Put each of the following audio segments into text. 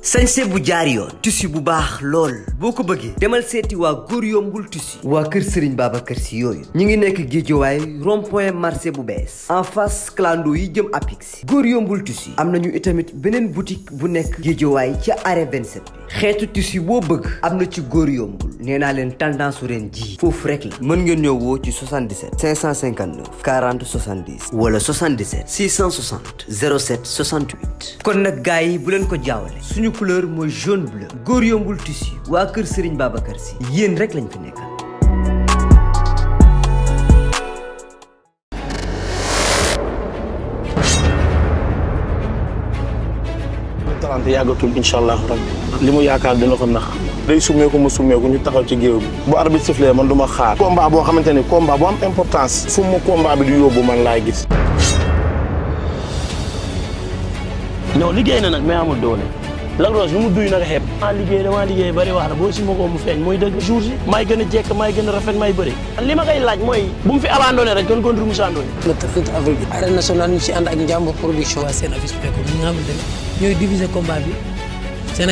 sañse bu jaar yoon tissu bu baax lool boo ko bëggee demal seeti waa góor yombul tissu waa kër Serigne kër si yooyu ñu ngi nekk Guédiawaye rond point bu bees en face clando yi jëm si góor yombul tissu am na ñu itamit beneen boutique bu nekk Guédiawaye ca arrêt 27 bi xeetu tissu boo bëgg am na ci góor yombul nee naa leen tendance su ren ji foofu rek la mën ngeen ñëw woo ci 77 559 40 70 wala 77 660 07 68 kon nag gars yi bu leen ko jaawale suñu mooy jaune bleu góor yombul waa kër Serigne Babacar Sy yéen yàggatul incha allah rabbi li mu yaakaar dina ko nax day summeeku mu summeeku ñu taxaw ci géew bi bu arbitre sifflé man duma ma xaar combat boo xamante ni combat bu am importance fu mu combat bi du yóbbu man laay gis non liggéey na nag mais amul doole Lac Rose lu mu duy naka xeeb maa liggéey damaa liggéey bari wax la boo si ma ko feeñ mooy dëgg jour si maay gën a jekk maay gën a rafet maay bëri li ma koy laaj mooy bu mu fi abandonné rek kon contre mu si abandonné le 30 avril bi arène nationale ñu si ànd ak Njàmbur production waa seen affiche préco e ñi nga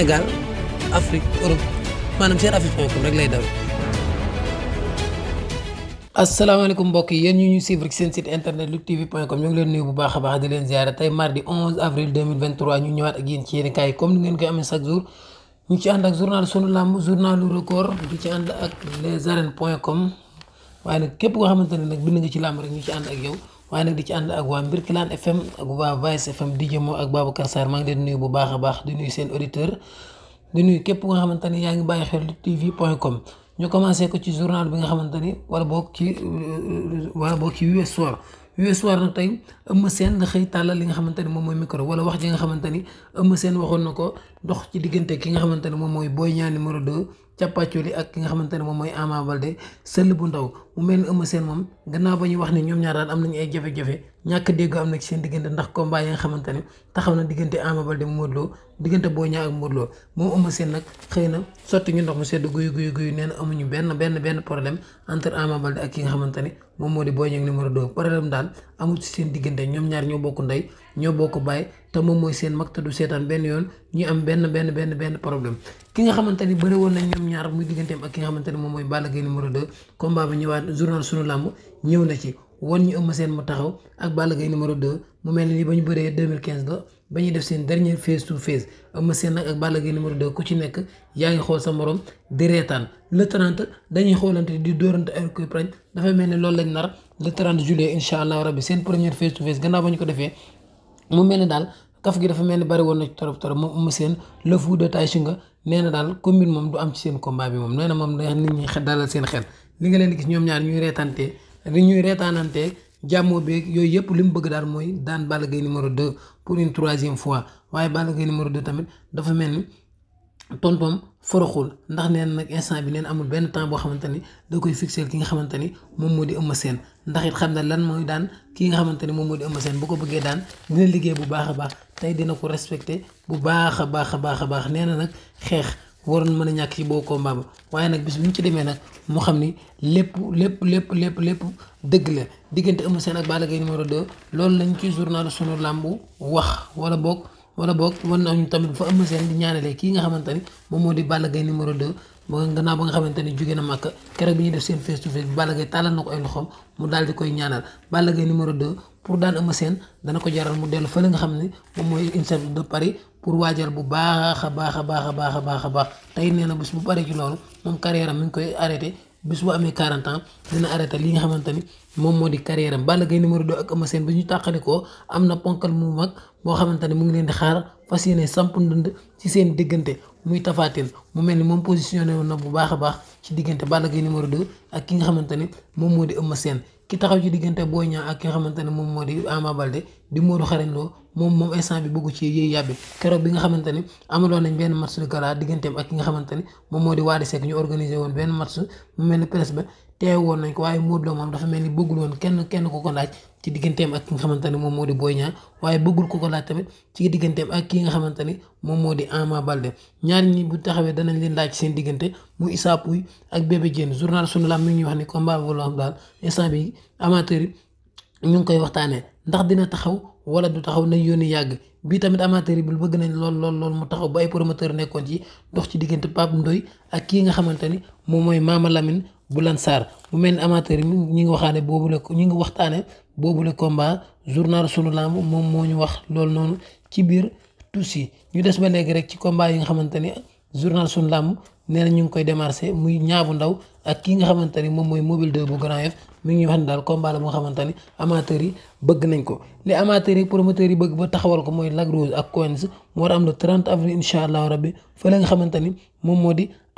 xamante ne maanaam seen affiche préco e rek lay daw asalaamaaleykum mbokk yi yéen ñu ñu suivre ci seen site internet luttetv.com ñu ngi leen nuyu bu baax a baax di leen ziare tey mardi 11 avril 2023 ñu ñëwaat ak yéen ci yéen kaay yi comme ni ngeen koy amee chaque jour ñu ci ànd ak journal sunu làmb journalu record di ci ànd ak les arènes point com waaye nag képp koo xamante ne nag bind nga ci làmb rek ñu ci ànd ak yow waaye nag di ci ànd ak waa Mbirkilaan FM ak waa Vice FM di jëmoo ak Babacar Sarr maa ngi leen nuyu bu baax a baax di nuyu seen auditeur di nuyu képp koo xamante ne yaa ngi bàyyi xel luttetv.com ñu commencé ko ci journal bi nga xamante ni wala boog ci wala boog ci US Soir US Soir na tey Eumeu Sène xëy tàllal li nga xamante ni moom mooy micro wala wax ji nga xamante ni Eumeu Sène waxoon na ko dox ci diggante ki nga xamante ne moom mooy Boy Niang numéro 2 càppaacoli ak ki nga xamante ne moom mooy Ama Baldé sëll bu ndaw mu mel moom gannaaw ba ñu wax ne ñoom ñaar daal am nañu ay jafe ñàkk dégg am na ci seen diggante ndax combat yi xamante ne taxaw na diggante Ama Baldé Modou Lo diggante Boy Niang ak Modou Lo nag xëy na sotti ñu ndox mu sedd guyu guyu guyu nee na amuñu benn benn benn problème entre Ama Baldé ak ki nga xamante ne moom moo di Boy Niang numéro 2 problème daal amul seen diggante ñoom ñaar ñoo bokk ndey ñoo bokk baay te moom mooy seen mag du seetaan benn yoon ñu am benn benn benn benn problème ki nga xamante ni bëri woon nañ ñoom ñaar muy digganteem ak ki nga xamante ni moom mooy Balla Gaye numéro 2 combat bi ñëwaat journal sunu làmb na ci wan ñu ëmm seen mu taxaw ak Balla Gaye numéro 2 mu mel ni ba ñu bëree 2015 la ba ñuy def seen dernier face to face ëmm seen nag ak Balla Gaye numéro 2 ku ci nekk yaa ngi xool sa morom di reetaan le 30 dañuy xoolante di dóorante ay kuy prañ dafay mel ni loolu lañ nar le 30 juillet incha allah rabbi seen première face ba ñu ko defee. mu mel ni daal kaf gi dafa mel ni bari woon na ci torop torop moom Eumeu Sène le fou de Taïsinga nee na daal commune moom du am ci seen combat bi moom nee na moom day nit ñi dalal seen xel li nga leen di gis ñoom ñaar ñuy reetantee li ñuy reetaanantee jàmmoo beeg yooyu yëpp li mu bëgg daal mooy daan Balla Gaye numéro de pour une troisième fois waaye Balla Gaye numéro 2 tamit dafa mel ni tontom foroxul ndax neen nag instant bi neen amul benn temps boo xamante ni da koy fixé ki nga xamante ni moom moo di Eumeu Sène ndax xam na lan mooy daan ki nga xamante ni moom moo di Eumeu Sène bu ko bëggee daan dina liggéey bu baax a baax tey dina ko respecté bu baax a baax a baax a baax nee na nag xeex waroon mën a ñàkk ci boo combat ba waaye nag bis bu ñu ci demee nag moo xam ni lépp lépp lépp lépp lépp dëgg la diggante Eumeu Sène ak Balla Gaye numéro 2 loolu lañ ci journalu sunu làmb wax wala boog wala boog wan nañu tamit fa Eumeu Sène di ñaanalee kii nga xamante ni moom moo di Balla Gaye numéro 2 naa gannaaw ba nga xamante ni jóge na Màkka keroog bi ñuy def seen face to face bi Balla Gaye tàllal na ko ay loxoom mu dal di koy ñaanal Balla Gaye numéro 2 pour daan Eumeu seen dana ko jaral mu dellu fële nga xam ni moom mooy INSEP de Paris pour waajal bu baax a baax a baax a baax a baax a baax tey nee na bés bu paree ci loolu moom carrière am ngi koy arrêté bis bu amee 40 ans dina arrêté li nga xamante ni moom moo di carrière am Balla Gaye numéro 2 ak Eumeu Sène bi ñu tàqalikoo am na ponkal mu mag moo xamante ne mu ngi leen di xaar fas yéene sampu ndënd ci seen diggante muy tafaatin mu mel ni moom positionné woon na bu baax a baax ci diggante Balla Gaye numéro 2 ak ki nga xamante ni moom moo di Eumeu Sène ki taxaw ci diggante Boy Niang ak ki nga xamante ne moom moo di Ama Baldé di Modou Xarañ Lo moom moom instant bi bëggu ci yéey yàbbi keroog bi nga xamante ne amaloon nañ benn match de gala digganteem ak ki nga xamante ne moom moo di Wally Seck ñu organisé woon benn match mu mel ne presse ba teewe woon nañ ko waaye Modou Lo moom dafa mel ni bëggul woon kenn kenn ku ko laaj ci digganteem ak ki xamante ne moom moo di Boy Niang waaye bëggul ku ko laaj tamit ci digganteem ak ki nga xamante ni moom moo di Ama Baldé ñaar ñi bu taxawee danañ leen laaj seen diggante mu Issa Pouye ak Bébé Diène journal Sunu Lamb mi ngi wax ni combat boobu la xam daal bi ñu ngi koy waxtaanee ndax dina taxaw wala du taxaw nañ yónni yàgg bii tamit amateur yi bëgg nañ lool lool lool mu taxaw ba ay promoteur nekkoon ci dox ci diggante Pape Ndoye ak kii nga xamante ni moom mooy maamalamin bu Lansar mu mel ni amateur yi ñu ngi waxaane boobu la ñu ngi waxtaane boobu la combat journal sunu lamb moom moo ñu wax loolu noonu ci biir tous yi ñu des ba léegi rek ci combat yi nga xamante ni journal suñu làmb nee na ñu ngi koy démarché muy ñaabu ndaw ak kii nga xamante ni moom mooy mobile 2 bu Grand ngi ñuy wax daal combat la xamante ni amateurs yi bëgg nañ ko li amateurs yi promoteurs yi bëgg ba taxawal ko mooy Lac Rose ak Coins mu war a am le 30 avril incha allah rabbi nga xamante ni moom moo di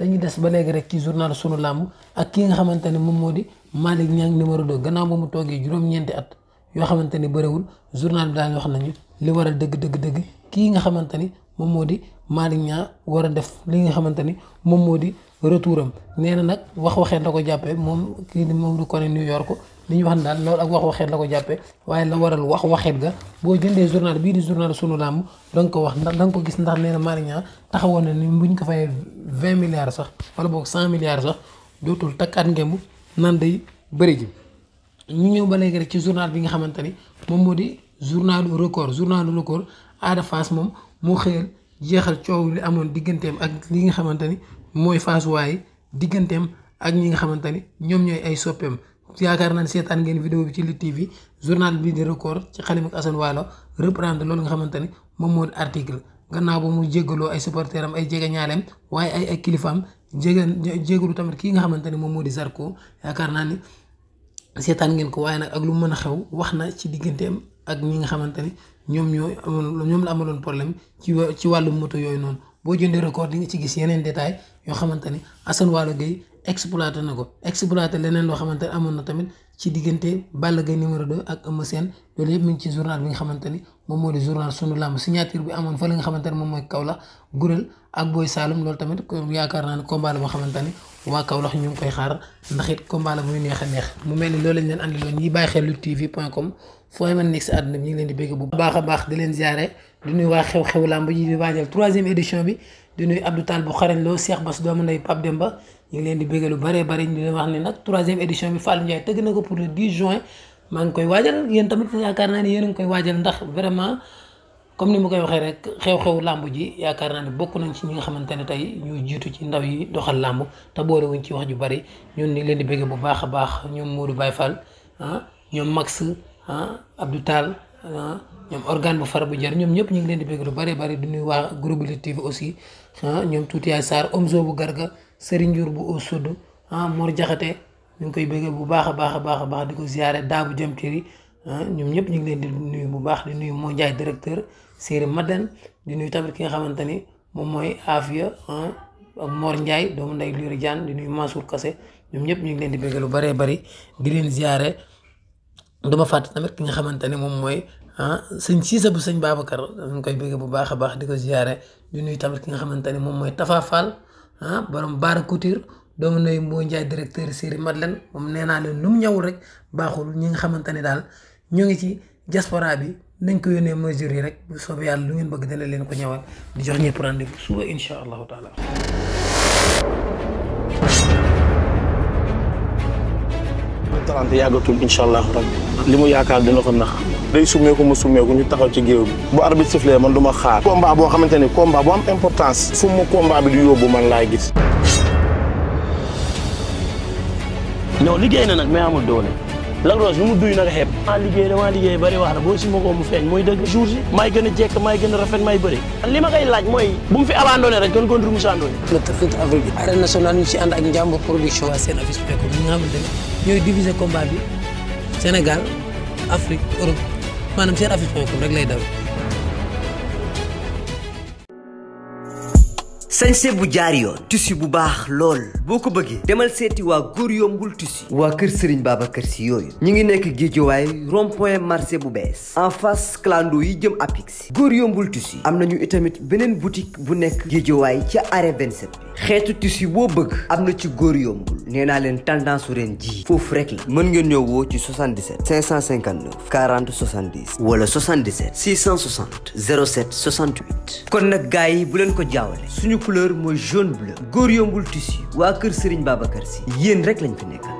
dañuy des ba léegi rek ci journal sunu làmb ak ki nga xamante ne moom moo di Malick Niang numéro 2 gannaaw ba mu toogee juróom at yoo xamante ni bëriwul journal bi daal wax nañu li waral dëgg dëgg dëgg kii nga xamante ni moom moo di Malick Niang war a def li nga xamante ni moom moo di retouram nee na nag wax waxeet la ko jàppee moom kii di moom du ko ne New York li ñu wax ne daal lool ak wax waxeet la ko jàppe waaye la waral wax waxeet ga boo jëndee journal bii di journal sunu làmb da nga ko wax ndax da ko gis ndax nee na Malick Niang taxawoon na ni buñ ko fayee vingt milliards sax wala boog cent milliards sax dootul takkaat ngemb nan day bëri ji ñu ñëw ba léegi rek ci journal bi nga xamante ni moom moo di journalu record journalu record Ada Fass moom moo xëyal jeexal coow li amoon digganteem ak li nga xamante ni mooy Fass waaye digganteem ak ñi nga xamante ni ñoom ñooy ay soppeem yaakaar naa ne seetaan ngeen vidéo ci Lutte TV journal bi di record ci xalim ak Assane Waalo reprendre loolu nga xamante ni moom moo di article gannaaw ba mu jéggaloo ay supporter am ay jegeñaaleem waaye ay ay kilifaam jége jéggalu tamit kii nga xamante ne moom moo di sarko yaakaar naa ni seetaan ngeen ko waaye nag ak lu mën a xew wax na ci digganteem ak ñi nga xamante ne ñoom ñoo amoon ñoom la amaloon problème ci ci wàllu moto yooyu noonu boo jëndee record di nga ci gis yeneen détail yoo xamante ne Assane Waalo Gueye exploité na ko exploité leneen loo xamante ne amoon na tamit ci diggante Balla Gaye numéro 2 ak Eumeu Sène loolu yëpp mi ngi ci journal bi nga xamante ni moom moo di journal sunu làmb signature bi amoon fa la nga xamante ne moom mooy Kaolack Gurel ak Boy Saloum loolu tamit yaakaar naa ne combat la xamante ni waa Kaolack ñu ngi koy xaar ndax it combat la neex a neex mu mel ni loolu lañ leen andi loon ñiy bàyyi xel Lutte TV point com fooy mën nekk si àdduna bi ñu ngi leen di bégg bu baax a baax di leen ziare di nuyu waa xew-xew làmb yi di waajal troisième édition bi di nuyu Abdou Tall bu xarañ loo Cheikh Bass doomu ndey Pape Demba ñu leen di bégg lu bëree bëri ñu leen wax ne nag troisième édition bi Fallou Ndiaye tëgg na ko pour le juin maa ngi koy waajal yéen tamit yaakaar naa ni yéen a ngi koy waajal ndax vraiment comme ni ma koy waxee rek xew-xewu làmb ji yaakaar naa ne bokk nañ ci ñi nga xamante ne tey ñu jiitu ci ndaw yi doxal làmb te boole wuñ ci wax ju bari ñun ni ngi leen di bégg bu baax a baax ñoom Modou Baye Fall ah ñoom Max ah Abdou Tall ah ñoom organe bu far bu jar ñoom ñëpp ñu ngi leen di bëgg lu bari bari du nuy waa groupe Lutte TV aussi ah ñoom tuuti yaay Sarr Omzo bu Garga Serigne njur bu Osodu ah Mor Jaxate ñu ngi koy bëggee bu baax a baax a baax a baax di ko ziare daa bu jëm tiri ah, ñoom ñëpp ñu ngi leen di nuyu bu baax di nuyu moo Njaay directeur Séeri Madan di nuyu tamit ki nga xamante ni moom mooy Afia ah, ak Mor Ndiaye doomu nday Lure Diane di nuyu Mansour kase ñoom ñëpp ñu ngi leen di bëgg lu bëree bari di leen ziare du ma fàtte tamit ki nga xamante ne moom mooy ah sëñ siisa bu sëñ Babacar dañ koy bëgg bu baax a baax di ko ziare di nuyu tamit ki nga xamante ne moom mooy Tafa Fall ah borom Baara Couture doomu nuyu Mbow Ndiaye directeur Série Madeleine moom nee naa leen lu mu ñëwul rek baaxul ñi nga xamante ne daal ñu ngi ci diaspora bi nañ ko yónnee mesures yi rek bu soobee yàlla lu ngeen bëgg dana leen ko ñëwal di jox ñëpp rendez-vous suba incha allahu taala. 30 yàggatul incha allah rabbi li mu yaakaar dina ko nax day summeeku mu summeeku ñu taxaw ci géew bi bu arbitre sifflé man duma ma xaar combat boo xamante ni combat bu am importance fu mu combat bi du yóbbu man laay gis non liggéey na nag mais amul doole Lac Rose lu mu duy na nga xeeb maa liggéey damaa liggéey bëri wax na boo si ma ko feeñ mooy dëgg jour si may gën a jekk may gën a rafet may bëri li ma laaj mooy bu mu fi abandonné rek kon contre Moussa Ndoye le 30 avril bi arène nationale ñu si ànd ak Njàmbur production seen affiche preko ñi nga xamante ne ñooy diviser combat bi Sénégal Afrique Europe seen affiche preko rek lay daw sañse bu jaar yoon tissu bu baax lool boo ko bëggee demal seeti waa góor yombul tissu waa kër Serigne kër Sy yooyu ñu ngi nekk Guédiawaye rond point bu bees en face clando yi jëm si góor yombul tissu am na nañu itamit beneen boutique bu nekk Guédiawaye ca arrêt 27 bi xeetu tissu boo bëgg am na ci góor yombul nee naa leen tendance su ren ji foofu rek la mën ngeen ñëw woo ci 77 559 40 70 wala 77 660 07 68 kon nag gars yi bu leen ko jaawale suñu couleur mooy jaune bleu góor yombul tissu waa kër Serigne Babacar Sy yéen rek lañ fi nekkal.